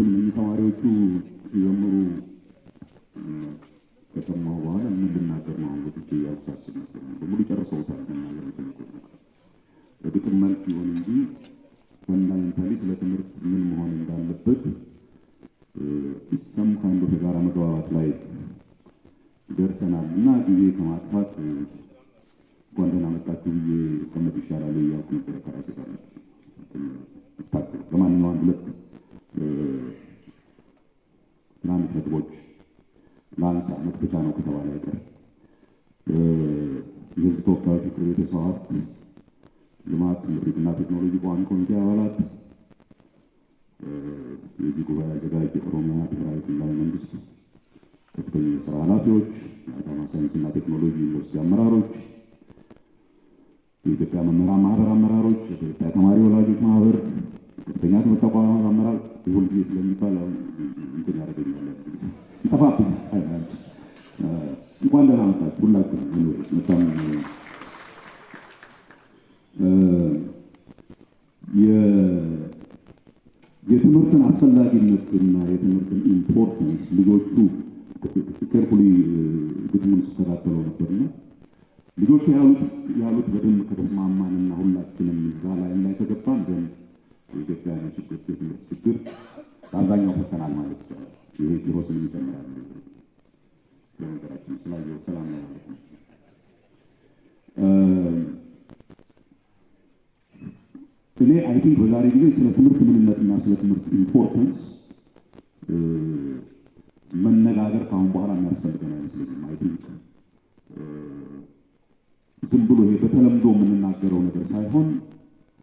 በኩል ተማሪዎቹ ሲጀምሩ ከሰማሁ በኋላ ምን ልናገር ነው? እንግዲህ ያልሳችን ነበር በሙሉ ጨርሰውታል። መናገር የፈለጉት ነው መልክ ይሁን እንጂ ፈንዳሜንታሊ ስለ ትምህርት ምን መሆን እንዳለበት ሰም ከአንዱ ጋር መግባባት ላይ ደርሰናል እና ጊዜ ከማጥፋት ነጥቦች ለአንድ ዓመት ብቻ ነው ከተባለ አይቀር የህዝብ ተወካዮች ምክር ቤት የሰው ሀብት ልማት ምድሪትና ቴክኖሎጂ ቋሚ ኮሚቴ አባላት፣ የዚህ ጉባኤ አዘጋጅ የኦሮሚያ ብሔራዊ ክልላዊ መንግስት ከፍተኛ የስራ ኃላፊዎች፣ የአዳማ ሳይንስና ቴክኖሎጂ ዩኒቨርሲቲ አመራሮች፣ የኢትዮጵያ መምህራን ማህበር አመራሮች፣ የኢትዮጵያ ተማሪ ወላጆች ማህበር ምክንያቱም ተቋማት አመራር ሁል ጊዜ ስለሚባል እንትን ያደረገኛለ ይጠፋብኝ እንኳን ደህና መጣችሁ ሁላችሁም። በጣም የትምህርትን አስፈላጊነትና የትምህርትን ኢምፖርታንስ ልጆቹ ኬርፉሊ ግጥሙን ነበር ነበርና ልጆቹ ያሉት ያሉት በደንብ ከተስማማንና ሁላችንም እዛ ላይ ላይ ከገባን የኢትዮጵያ ችግር ችግር በአብዛኛው ፈተናል ማለት ይቻላል። ይሄ ኪሮስን ይጨምራል ነገራችን ስላየው ሰላም ነው ማለት ነው። እኔ አይ ቲንክ በዛሬ ጊዜ ስለ ትምህርት ምንነትና ስለ ትምህርት ኢምፖርታንስ መነጋገር ከአሁን በኋላ የሚያስፈልገን አይመስለኝም። አይ ቲንክ ዝም ብሎ ይሄ በተለምዶ የምንናገረው ነገር ሳይሆን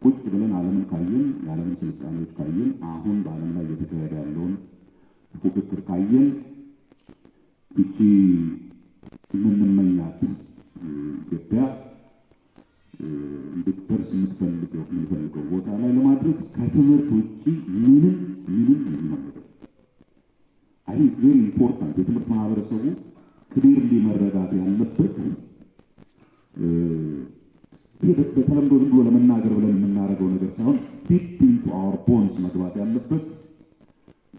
ቁጭ ብለን ዓለምን ካየን የዓለምን ስልጣኔዎች ካየን አሁን በዓለም ላይ እየተካሄደ ያለውን ፉክክር ካየን ይቺ የምንመኛት ኢትዮጵያ እንድትደርስ የምንፈልገው ቦታ ላይ ለማድረስ ከትምህርት ውጭ ምንም ምንም የሚመለከው አይ ዜር ኢምፖርታንት የትምህርት ማህበረሰቡ ክሊርሊ መረዳት ያለበት በተለምዶ ዝም ብሎ ለመናገር ብለን የምናደርገው ነገር ሳይሆን ዲፕ ኢንቱ አወር ቦንስ መግባት ያለበት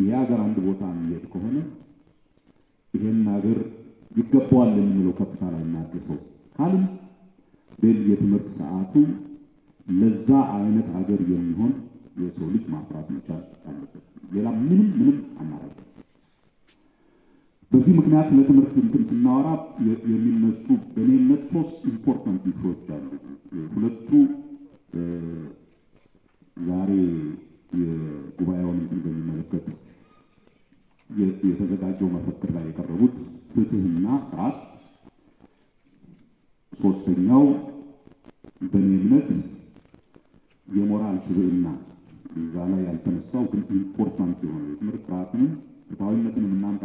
ይሄ ሀገር አንድ ቦታ የሚሄድ ከሆነ ይሄን ሀገር ይገባዋል የምንለው ከፍታ ላይ እናድርሰው ካልም ቤል የትምህርት ሰዓቱ ለዛ አይነት ሀገር የሚሆን የሰው ልጅ ማፍራት መቻል አለበት። ሌላ ምንም ምንም አማራጭ በዚህ ምክንያት ለትምህርት እንትን ስናወራ የሚነሱ በእኔ እምነት ሶስት ኢምፖርታንት ኢሹዎች አሉ። ሁለቱ ዛሬ የጉባኤውን እንትን በሚመለከት የተዘጋጀው መፈክር ላይ የቀረቡት ፍትህና ስርዓት፣ ሶስተኛው በእኔ እምነት የሞራል ስብዕና እዛ ላይ ያልተነሳው ግን ኢምፖርታንት የሆነ የትምህርት ስርዓትንም ፍትሐዊነትንም የምናምጣ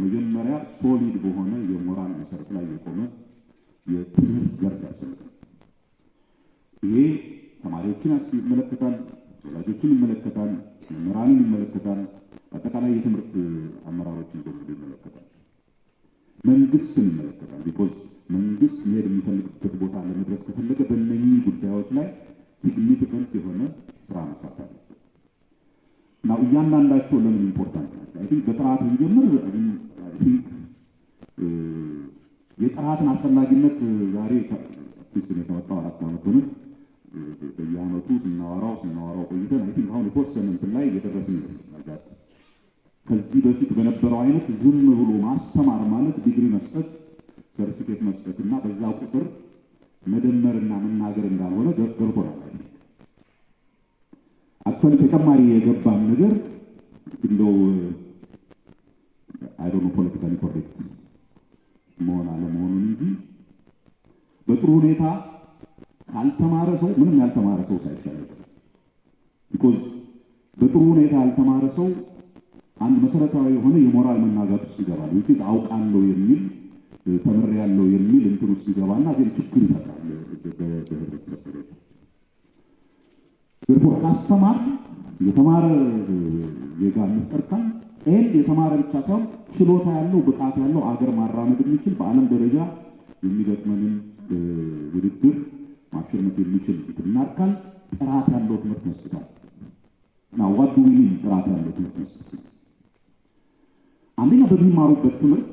መጀመሪያ ሶሊድ በሆነ የሞራል መሰረት ላይ የቆመ የትምህርት ዘርፍ ያስፈልጋል። ይሄ ተማሪዎችን ይመለከታል፣ ወላጆችን ይመለከታል፣ መምህራንን ይመለከታል፣ አጠቃላይ የትምህርት አመራሮችን በሙሉ ይመለከታል፣ መንግስትን ይመለከታል። ቢኮዝ መንግስት መሄድ የሚፈልግበት ቦታ ለመድረስ ከፈለገ በእነኚህ ጉዳዮች ላይ ሲግኒፊካንት የሆነ ስራ መሳት አለ እና እያንዳንዳቸው ለምን ኢምፖርታንት በጥራት እንጀምር። የጥራትን አስፈላጊነት ዛሬ ስም የተመጣው አራት ዓመት ሆነ። በየአመቱ ስናወራው ስናወራው ቆይተን አይ ቲንክ አሁን የተወሰነ እንትን ላይ እየደረስን ይመስላል። ከዚህ በፊት በነበረው አይነት ዝም ብሎ ማስተማር ማለት ዲግሪ መስጠት ሰርቲፊኬት መስጠት እና በዛ ቁጥር መደመርና መናገር እንዳልሆነ ገብቶናል። አክቹዋሊ ተጨማሪ የገባን ነገር እንደው አይ ፖለቲካሊ ኮሬክት መሆን አለመሆኑን እንጂ በጥሩ ሁኔታ ካልተማረ ሰው ምንም ያልተማረ ሰው ሳይሻል ቢኮዝ በጥሩ ሁኔታ ያልተማረ ሰው አንድ መሰረታዊ የሆነ የሞራል መናጋት ውስጥ ይገባል። ዊት አውቃለሁ የሚል ተምሬያለሁ የሚል እንትን ውስጥ ይገባና ግን ችግር ይፈጥራል። በህብረተሰብ ካስተማር የተማረ ዜጋ እንፈጥራለን። ይህን የተማረ ብቻ ሳይሆን ችሎታ ያለው ብቃት ያለው አገር ማራመድ የሚችል በዓለም ደረጃ የሚገጥመንን ውድድር ማሸነፍ የሚችል ብናርካል። ጥራት ያለው ትምህርት መስጠት እና ዋዱ ዊሊን ጥራት ያለው ትምህርት መስጠት አንደኛ በሚማሩበት ትምህርት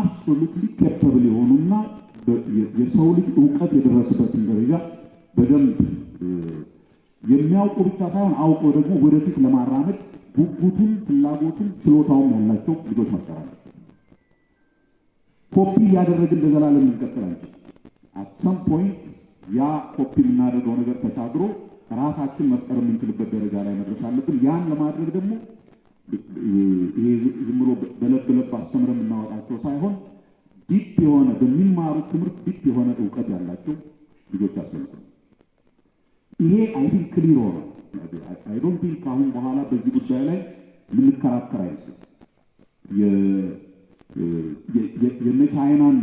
አብሶሉትሊ ኬፐብል የሆኑና የሰው ልጅ እውቀት የደረሰበትን ደረጃ በደንብ የሚያውቁ ብቻ ሳይሆን አውቀው ደግሞ ወደፊት ለማራመድ ጉጉቱን፣ ፍላጎቱን፣ ችሎታውም ያላቸው ልጆች መፍጠር አለብን። ኮፒ እያደረግን ለዘላለም ልንቀጥል አንችል። አት ሰም ፖይንት ያ ኮፒ የምናደርገው ነገር ተሻግሮ ራሳችን መፍጠር የምንችልበት ደረጃ ላይ መድረስ አለብን። ያን ለማድረግ ደግሞ ይሄ ዝም ብሎ በለብ በለብ አስተምረን የምናወጣቸው ሳይሆን ዲፕ የሆነ በሚማሩት ትምህርት ዲፕ የሆነ እውቀት ያላቸው ልጆች አሰልጥነን ይሄ አይ ቲንክ ክሊር ሆኗል። አይ ዶንት ቲንክ ከአሁን በኋላ በዚህ ጉዳይ ላይ ልንከራከር አይመስል የነ ቻይናን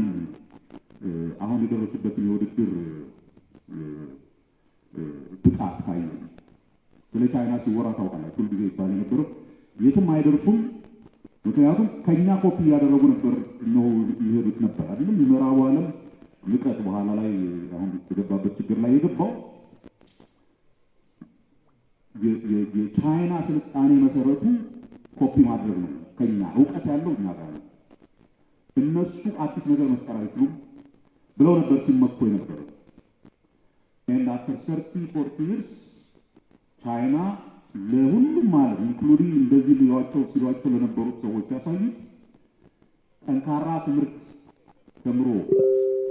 አሁን የደረሱበትን የውድድር ብቃት ካየ ስለ ቻይና ሲወራ ታውቃላችሁ፣ ሁልጊዜ ይባል የነበረው የትም አይደርሱም። ምክንያቱም ከኛ ኮፒ እያደረጉ ነበር ነው የሚሄዱት ነበር አይደለም? የምዕራቡ ዓለም ንቀት በኋላ ላይ አሁን የተገባበት ችግር ላይ የገባው የቻይና ስልጣኔ መሰረቱ ኮፒ ማድረግ ነው። ከኛ እውቀት ያለው እኛ ጋር ነው። እነሱ አዲስ ነገር መፍጠር አይችሉም ብለው ነበር ሲመኮ የነበረው ኤንድ አፍተር ሰርቲ ፎርቲ ይርስ ቻይና ለሁሉም ማለት ኢንክሉዲንግ እንደዚህ ሊሏቸው ሲሏቸው ለነበሩት ሰዎች ያሳዩት ጠንካራ ትምህርት ተምሮ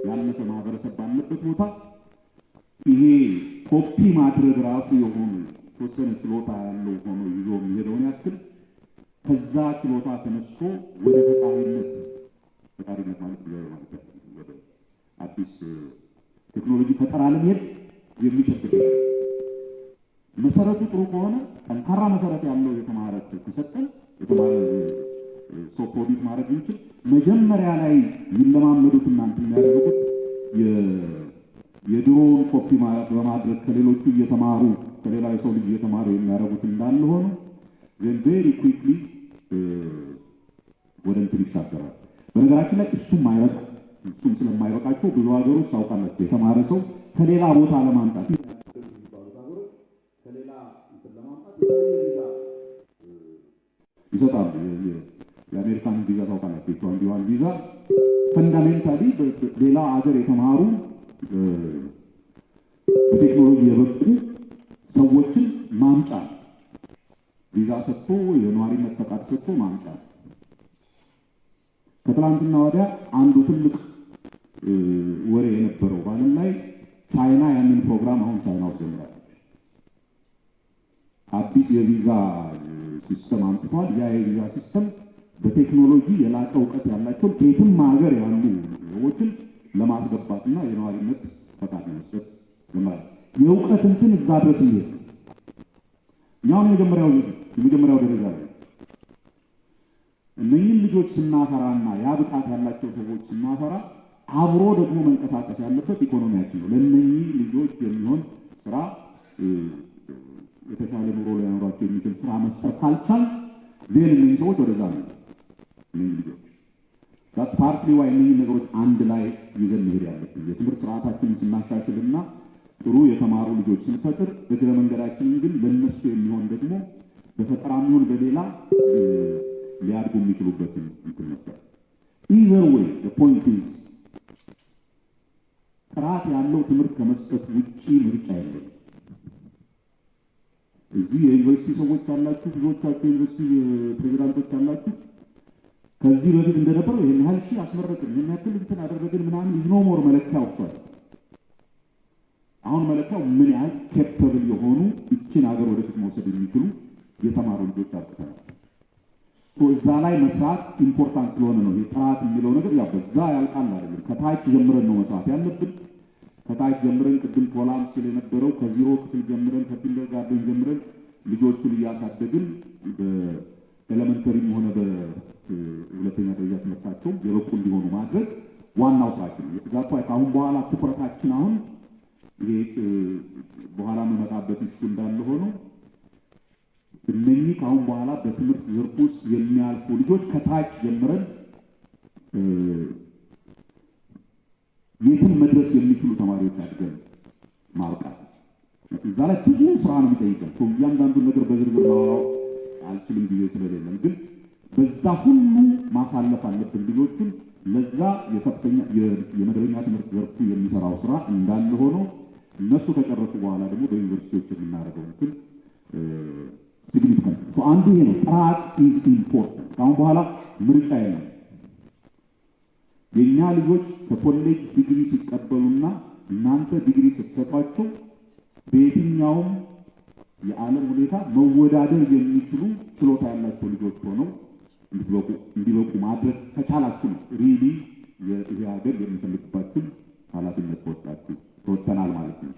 ያለፈ ማህበረሰብ ባለበት ቦታ ይሄ ኮፒ ማድረግ ራሱ የሆኑ የተወሰነ ችሎታ ያለው ሆኖ ይዞ የሚሄደውን ያክል ከዛ ችሎታ ተነስቶ ወደ ፈጣሪነት ፈጣሪነት ማለት ማለት ወደ አዲስ ቴክኖሎጂ ፈጠራ ለመሄድ የሚቸግር መሰረቱ ጥሩ ከሆነ ጠንካራ መሰረት ያለው የተማረ ከሰጠን የተማረ ሶፖዲት ማድረግ የሚችል መጀመሪያ ላይ የሚለማመዱት እናንተ የሚያደርጉት የድሮውን ኮፒ በማድረግ ከሌሎቹ እየተማሩ ከሌላ የሰው ልጅ እየተማሩ የሚያደርጉት እንዳለ ሆኖ ዘን ቬሪ ኩዊክሊ ወደ እንትን ይሻገራል። በነገራችን ላይ እሱም አይበቃ እሱም ስለማይበቃቸው ብዙ ሀገሮች ታውቃላቸው የተማረ ሰው ከሌላ ቦታ ለማምጣት ይሰጣሉ። የአሜሪካን ቪዛ ታውቃላቸው የዋን ቪዛ ፈንዳሜንታሊ ሌላ ሀገር የተማሩ በቴክኖሎጂ የበቁ ሰዎችን ማምጣት ቪዛ ሰጥቶ የነዋሪ መጠቃት ሰጥቶ ማምጣት። ከትላንትና ወዲያ አንዱ ትልቅ ወሬ የነበረው በዓለም ላይ ቻይና ያንን ፕሮግራም አሁን ቻይና ውስጥ ጀምራለች። አዲስ የቪዛ ሲስተም አምጥቷል። ያ የቪዛ ሲስተም በቴክኖሎጂ የላቀ እውቀት ያላቸው ከየትም ሀገር ያሉ ሰዎችን ለማስገባትና የነዋሪነት ፈቃድ ለመስጠት ጀምራለች። የእውቀት እንትን እዛ ድረስ ይሄ ያሁን የመጀመሪያው የመጀመሪያው ደረጃ ላይ እነኝህን ልጆች ስናፈራና ያ ብቃት ያላቸው ሰዎች ስናፈራ አብሮ ደግሞ መንቀሳቀስ ያለበት ኢኮኖሚያችን ነው። ለእነኚህ ልጆች የሚሆን ስራ የተሻለ ኑሮ ሊያኖራቸው የሚችል ስራ መስጠት ካልቻል ዜን እነኝህ ሰዎች ወደዛ ነው እነኝህ ልጆች ፓርት ዋይ እነኝህ ነገሮች አንድ ላይ ይዘን መሄድ ያለብን የትምህርት ስርዓታችንን ስናሻሽልና ጥሩ የተማሩ ልጆች ስንፈጥር እግረ መንገዳችንን ግን ለነሱ የሚሆን ደግሞ በፈጠራ የሚሆን በሌላ ሊያድጉ የሚችሉበትን እንትን ነበር። ኢዘር ወይ ፖንት ጥራት ያለው ትምህርት ከመስጠት ውጭ ምርጫ የለም። እዚህ የዩኒቨርሲቲ ሰዎች አላችሁ፣ ብዙዎቻችሁ የዩኒቨርሲቲ ፕሬዚዳንቶች አላችሁ። ከዚህ በፊት እንደነበረው ይህን ያህል ሺ አስመረቅን፣ ይህን ያክል እንትን አደረግን ምናምን ኢግኖሞር መለኪያ ወሷል። አሁን መለኪያው ምን ያህል ኬፐብል የሆኑ እችን ሀገር ወደፊት መውሰድ የሚችሉ የተማሩ ልጆች አጥተናል። እዛ ላይ መስራት ኢምፖርታንት ስለሆነ ነው። ጥራት የሚለው ነገር ያው በዛ ያልቃል አይደለም። ከታች ጀምረን ነው መስራት ያለብን። ከታች ጀምረን ቅድም ፖላንድ ሲል የነበረው ከዚሮ ክፍል ጀምረን ከኪንደርጋርደን ጀምረን ልጆቹን እያሳደግን በኤሌመንተሪም ሆነ በሁለተኛ ደረጃ ትምህርታቸው የበቁ እንዲሆኑ ማድረግ ዋናው ስራችን ነው። አሁን በኋላ ትኩረታችን አሁን በኋላ መመጣበት እሱ እንዳለ ሆኖ እነኚህ ከአሁን በኋላ በትምህርት ዘርፍ ውስጥ የሚያልፉ ልጆች ከታች ጀምረን የትም መድረስ የሚችሉ ተማሪዎች አድገን ማብቃት እዛ ላይ ብዙ ስራ ነው የሚጠይቀው። እያንዳንዱ ነገር በዝርዝር ማወቅ አልችልም ጊዜ ስለሌለን፣ ግን በዛ ሁሉ ማሳለፍ አለብን ልጆችን። ለዛ የከፍተኛ የመደበኛ ትምህርት ዘርፉ የሚሰራው ስራ እንዳለ ሆኖ እነሱ ከጨረሱ በኋላ ደግሞ በዩኒቨርሲቲዎች የምናደርገው ምክል ሲግኒፊካንት አንዱ ይሄ ነው። ጥራት ኢዝ ኢምፖርታንት። ከአሁን በኋላ ምርጫ የለም። የእኛ ልጆች ከኮሌጅ ዲግሪ ሲቀበሉና እናንተ ዲግሪ ስትሰጧቸው በየትኛውም የዓለም ሁኔታ መወዳደር የሚችሉ ችሎታ ያላቸው ልጆች ሆነው እንዲበቁ ማድረግ ከቻላችሁ ነው ሪሊ ይሄ ሀገር የምንፈልግባችሁ ኃላፊነት ተወጣችሁ ወጥተናል ማለት ነው።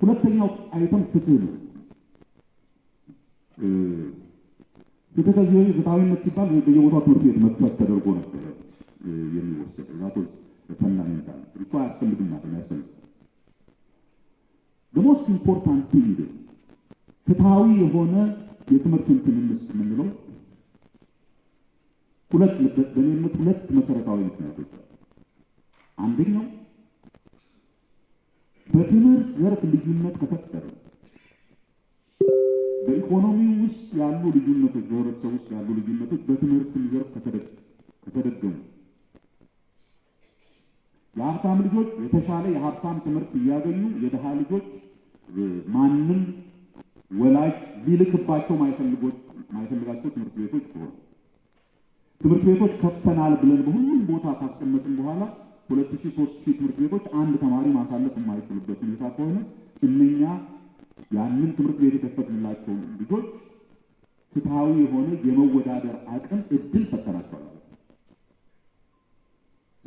ሁለተኛው አይተም ፍትህ ነው። ፍትህ ከዚህ ወይ ፍትሐዊነት ሲባል በየቦታው ትምህርት ቤት መጥፋት ተደርጎ ነበረ የሚወሰደው ዛቶ ፈንዳሜንታል እኮ አያስፈልግም ማለት ነው። አያስፈልግም ኢምፖርታንት ቲንግ ፍትሐዊ የሆነ የትምህርት እንትን የምንለው ሁለት በእኔ እምነት ሁለት መሰረታዊ ምክንያቶች አንደኛው በትምህርት ዘርፍ ልዩነት ከተፈጠረ በኢኮኖሚ ውስጥ ያሉ ልዩነቶች፣ በህብረተሰብ ውስጥ ያሉ ልዩነቶች በትምህርት ዘርፍ ከተደገሙ የሀብታም ልጆች የተሻለ የሀብታም ትምህርት እያገኙ የድሃ ልጆች ማንም ወላጅ ሊልክባቸው ማይፈልጋቸው ትምህርት ቤቶች ሲሆኑ ትምህርት ቤቶች ከፍተናል ብለን በሁሉም ቦታ ካስቀመጥን በኋላ ሁለት ሺ ሶስት ሺ ትምህርት ቤቶች አንድ ተማሪ ማሳለፍ የማይችሉበት ሁኔታ ከሆነ እነኛ ያንን ትምህርት ቤት የከፈትንላቸውን ልጆች ፍትሐዊ የሆነ የመወዳደር አቅም እድል ሰጥተናቸዋል።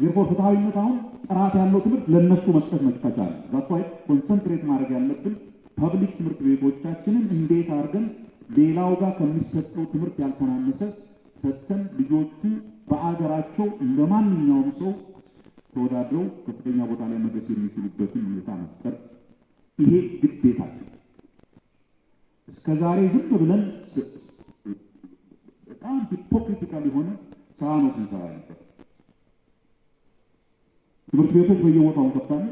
ዜርፎ ፍትሐዊነት አሁን ጥራት ያለው ትምህርት ለእነሱ መስጠት መክፈቻ ነው። ኮንሰንትሬት ማድረግ ያለብን ፐብሊክ ትምህርት ቤቶቻችንን እንዴት አድርገን ሌላው ጋር ከሚሰጠው ትምህርት ያልተናነሰ ሰጥተን ልጆቹ በአገራቸው እንደ ማንኛውም ሰው ተወዳድረው ከፍተኛ ቦታ ላይ መድረስ የሚችሉበትን ሁኔታ መፍጠር ይሄ ግዴታችን። እስከ ዛሬ ዝም ብለን በጣም ሂፖክሪቲካል የሆነ ስራ ነው ስንሰራ ነበር። ትምህርት ቤቶች በየቦታው ከፍታለ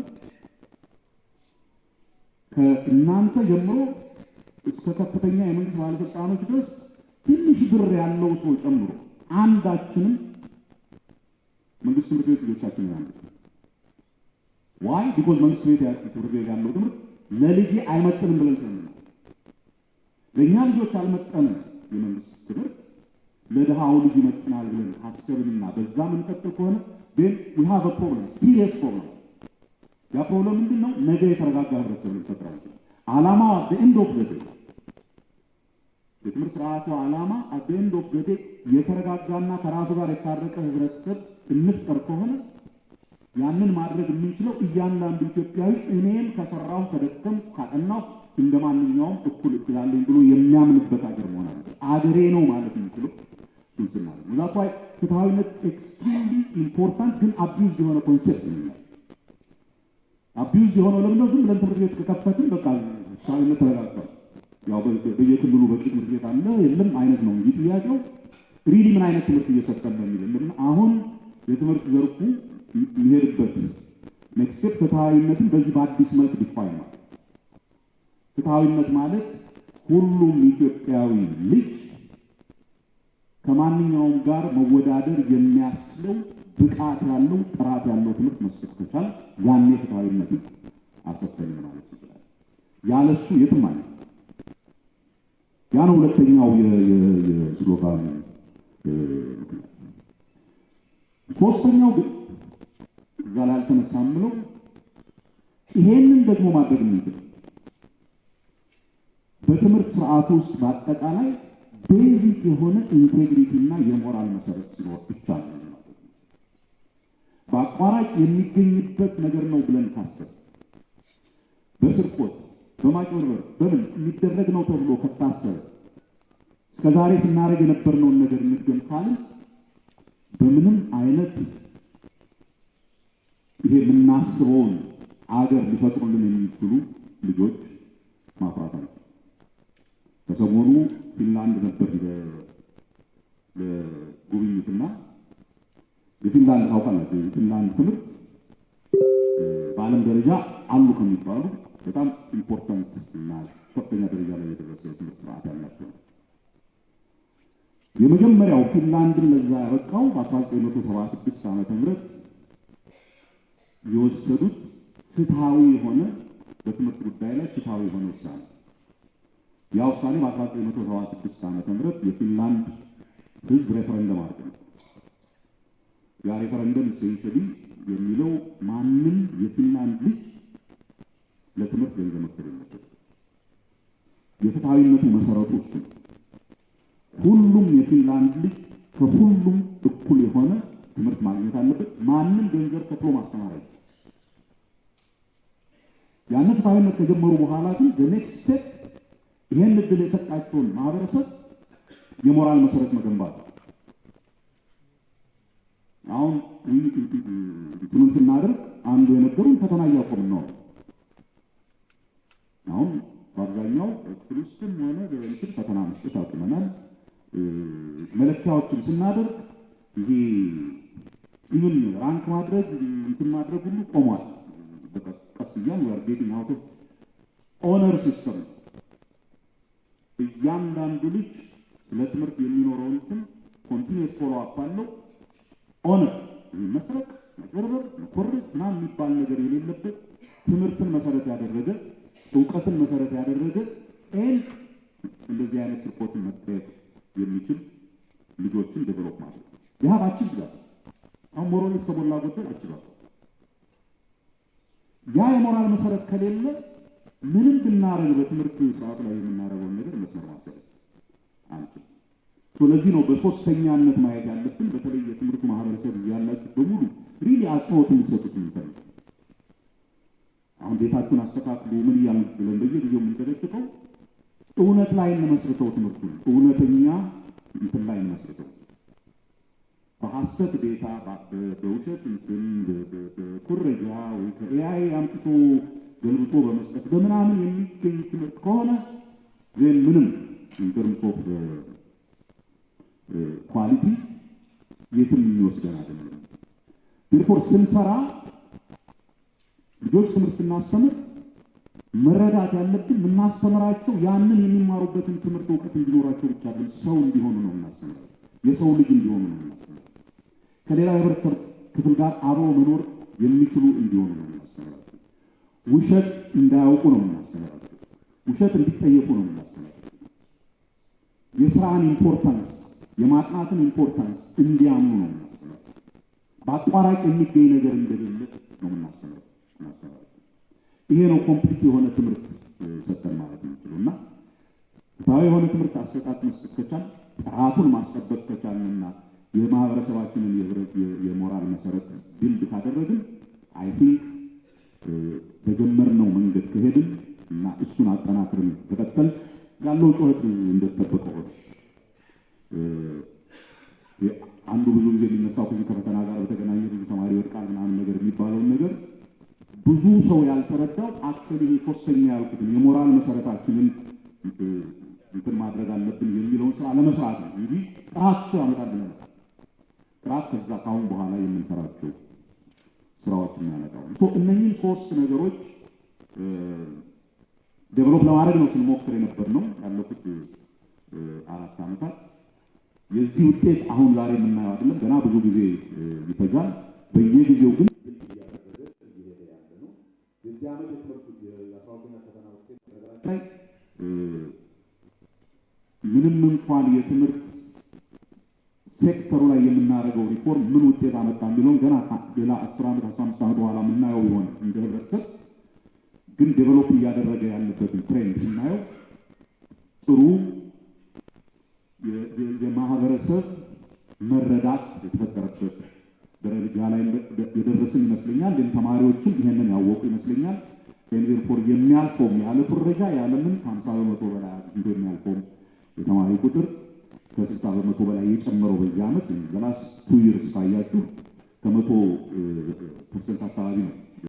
ከእናንተ ጀምሮ እስከ ከፍተኛ የመንግስት ባለስልጣኖች ድረስ ትንሽ ብር ያለው ሰው ጨምሮ አንዳችንም መንግስት ትምህርት ቤት ልጆቻችን ያሉ ዋይ ቢኮዝ መንግስት ቤት ትምህርት ቤት ያለው ትምህርት ለልጅ አይመጥንም ብለን ስለምናል። ለእኛ ልጆች አልመጠንም የመንግስት ትምህርት ለድሃው ልጅ ይመጥናል ብለን አሰብንና በዛ የምንቀጥል ከሆነ ግን ዊ ሃቭ ፕሮብለም ሲሪየስ ፕሮብለም። ያ ፕሮብለም ምንድን ነው? ነገ የተረጋጋ ህብረተሰብ ልንፈጥር አንችልም። ዓላማው አደ ኤንድ ኦፍ የትምህርት ስርዓቱ ዓላማ አደ ኤንድ ኦፍ ዘዴ የተረጋጋና ከራሱ ጋር የታረቀ ህብረተሰብ እንፍጠር ከሆነ ያንን ማድረግ የምንችለው እያንዳንዱ ኢትዮጵያዊ እኔም ከሰራሁ ከደከም ካጠናሁ እንደ ማንኛውም እኩል እችላለሁ ብሎ የሚያምንበት ሀገር መሆን አለ። አገሬ ነው ማለት የምችለው ብልጽግና ነው። ዛት ዋይ ፍትሐዊነት ኤክስትሪምሊ ኢምፖርታንት ግን አቢዩዝ የሆነ ኮንሴፕት ነው። አቢዩዝ የሆነው ለምንድነው? ዝም ብለን ትምህርት ቤት ከከፈትን በቃ ፍትሐዊነት ተረጋግጧል። ያው በየክልሉ በቂ ትምህርት ቤት አለ የለም አይነት ነው እንጂ ጥያቄው ሪሊ ምን አይነት ትምህርት እየሰጠን ነው የሚል አሁን የትምህርት ዘርፉ ሊሄድበት መክሰብ ፍትሐዊነትን በዚህ በአዲስ መልክ ዲፋይን ነው። ፍትሐዊነት ማለት ሁሉም ኢትዮጵያዊ ልጅ ከማንኛውም ጋር መወዳደር የሚያስችለው ብቃት ያለው ጥራት ያለው ትምህርት መስጠት ከቻል ያኔ ፍትሐዊነትን አሰፈልን ማለት ይችላል። ያለሱ የትም አለ። ያ ነው ሁለተኛው የስሎጋን ምክንያት። ሶስተኛው ግን እዛ ላይ አልተነሳም ብለው ይሄንን ደግሞ ማድረግ የምንችል በትምህርት ስርዓት ውስጥ በአጠቃላይ ቤዚክ የሆነ ኢንቴግሪቲ እና የሞራል መሰረት ሲኖር ብቻ ነው። በአቋራጭ የሚገኝበት ነገር ነው ብለን ካሰብ በስርቆት በማጭበርበር በምን የሚደረግ ነው ተብሎ ከታሰብ እስከዛሬ ስናደርግ የነበርነውን ነገር እንድገም ካልን በምንም አይነት ይሄ የምናስበውን አገር ሊፈጥሩልን የሚችሉ ልጆች ማፍራት አለ። ከሰሞኑ ፊንላንድ ነበር ለጉብኝትና የፊንላንድ ታውቃላችሁ፣ የፊንላንድ ትምህርት በዓለም ደረጃ አሉ ከሚባሉ በጣም ኢምፖርታንት እና ከፍተኛ ደረጃ ላይ የደረሰ ትምህርት ስርዓት ያላቸው ነው። የመጀመሪያው ፊንላንድን ለዛ ያበቃው በ1976 ዓመተ ምህረት የወሰዱት ፍትሐዊ የሆነ በትምህርት ጉዳይ ላይ ፍትሐዊ የሆነ ውሳኔ ያ ውሳኔ በ1976 ዓመተ የፊንላንድ ህዝብ ሬፈረንደም አድርገው ያ ሬፈረንደም ሴንቸሪ የሚለው ማንም የፊንላንድ ልጅ ለትምህርት ገንዘብ መክፈል የፍትሐዊነቱ መሰረቱ እሱ ነው። ሁሉም የፊንላንድ ልጅ ከሁሉም እኩል የሆነ ትምህርት ማግኘት አለበት። ማንም ገንዘብ ከፍሎ ማስተማር ያንን ፍትሐዊነት ከጀመሩ በኋላ ግን በኔክስት ስቴፕ ይህን እድል የሰጣቸውን ማህበረሰብ የሞራል መሰረት መገንባት አሁን ትምህርት ስናደርግ አንዱ የነገሩን ፈተና እያቆምን ነው። አሁን በአብዛኛው ክፍል ውስጥም ሆነ በሌሎችም ፈተና መስጠት አቁመናል። መለኪያዎችን ስናደርግ ይሄ ኢቭን ራንክ ማድረግ እንትን ማድረግ ሁሉ ቆሟል። ቀስ እያል ዊ አር ጌቲንግ አውት ኦፍ ኦነር ሲስተም እያንዳንዱ ልጅ ስለ ትምህርት የሚኖረው እንትን ኮንቲኒየስ ፎሎ አፕ አለው። ኦነር መስረቅ፣ መጭበርበር፣ መኮረጅ ምናምን የሚባል ነገር የሌለበት ትምህርትን መሰረት ያደረገ እውቀትን መሰረት ያደረገ ኤንድ እንደዚህ አይነት ሪፖርትን መጠየቅ የሚችል ልጆችን ዴቨሎፕ ማድረግ ይህ ባችን ብዛት አሁን ሞራል የተሞላ ጉዳይ አችሏል። ያ የሞራል መሰረት ከሌለ ምንም ብናረግ በትምህርት ሰዓት ላይ የምናረገውን ነገር መስመር ማሰብ አንችል። ስለዚህ ነው በሶስተኛነት ማየት ያለብን በተለይ የትምህርቱ ማህበረሰብ እዚህ ያላችሁ በሙሉ ሪሊ አጽንኦት የሚሰጡት የምንፈልግ አሁን ቤታችን አስተካክሉ ምን እያልን ብለን በየጊዜው የምንደረግቀው እውነት ላይ እንመስርተው፣ ትምህርቱ እውነተኛ እንትን ላይ እንመስርተው። በሐሰት ቤታ በውሸት እንትን በኩረጃ ወይ ከኤአይ አምጥቶ ገልብጦ በመስጠት በምናምን የሚገኝ ትምህርት ከሆነ ግን ምንም ኢንተርምስ ኳሊቲ uh, uh, የትም የሚወስደን አይደለም። ሪፖርት ስንሰራ ልጆች ትምህርት ስናስተምር መረዳት ያለብን የምናስተምራቸው ያንን የሚማሩበትን ትምህርት እውቀት እንዲኖራቸው ብቻ ሰው እንዲሆኑ ነው የምናስተምራቸው። የሰው ልጅ እንዲሆኑ ነው የምናስተምራቸው። ከሌላ የህብረተሰብ ክፍል ጋር አብሮ መኖር የሚችሉ እንዲሆኑ ነው የምናስተምራቸው። ውሸት እንዳያውቁ ነው የምናስተምራቸው። ውሸት እንዲጠየቁ ነው የምናስተምራቸው። የስራን ኢምፖርታንስ፣ የማጥናትን ኢምፖርታንስ እንዲያምኑ ነው የምናስተምራቸው። በአቋራጭ የሚገኝ ነገር እንደሌለ ነው የምናስተምራቸው። ይሄ ነው ኮምፕሊት የሆነ ትምህርት ሰጠን ማለት ነው እና ፍትሐዊ የሆነ ትምህርት አሰጣጥ መስጠት ከቻል ስርዓቱን ማስጠበቅ ከቻልንና የማህበረሰባችንን የሞራል መሰረት ቢልድ ካደረግን አይ ቲንክ በጀመርነው መንገድ ከሄድን እና እሱን አጠናክርን ተቀጠል ያለው ጩኸት እንደተጠበቀው አንዱ ብዙ ጊዜ የሚነሳው ከዚህ ከፈተና ጋር በተገናኘ ብዙ ተማሪ ወድቃል ምናምን ነገር የሚባለውን ነገር ብዙ ሰው ያልተረዳው አክቹዋሊ ይሄ ሶስተኛ ያልኩትን የሞራል መሰረታችንን እንትን ማድረግ አለብን የሚለውን ስራ ለመስራት ነው እንጂ ጥራት እሱ ያመጣልናል። ጥራት ከዛ ካሁን በኋላ የምንሰራቸው ስራዎች የሚያመጣው ነው። እነኚህን ሶስት ነገሮች ዴቨሎፕ ለማድረግ ነው ስንሞክር የነበር ነው ያለፉት አራት ዓመታት። የዚህ ውጤት አሁን ዛሬ የምናየው አይደለም። ገና ብዙ ጊዜ ይፈጃል። በየጊዜው ግን ዓመት የትምህርት የአስራ ሁለተኛ ፈተና ውጤት ነገራችን ምንም እንኳን የትምህርት ሴክተሩ ላይ የምናደርገው ሪፎርም ምን ውጤት አመጣ የሚለውን ገና ሌላ አስር ዓመት አስራ አምስት ዓመት በኋላ የምናየው ይሆን እንደ ህብረተሰብ ግን ዴቨሎፕ እያደረገ ያለበትን ትሬንድ ስናየው ጥሩ የማህበረሰብ መረዳት የተፈጠረበት ደረጃ ላይ የደረስን ይመስለኛል። ግን ተማሪዎችም ይሄንን ያወቁ ይመስለኛል። ቴንዜርፎር የሚያልፈውም ያለ ኩረጃ ያለምን ከሀምሳ በመቶ በላይ አግኝቶ የሚያልፈውም የተማሪ ቁጥር ከስልሳ በመቶ በላይ የጨመረው በዚህ ዓመት በላስ ቱ ይርስ ካያችሁ ከመቶ ፐርሰንት አካባቢ ነው።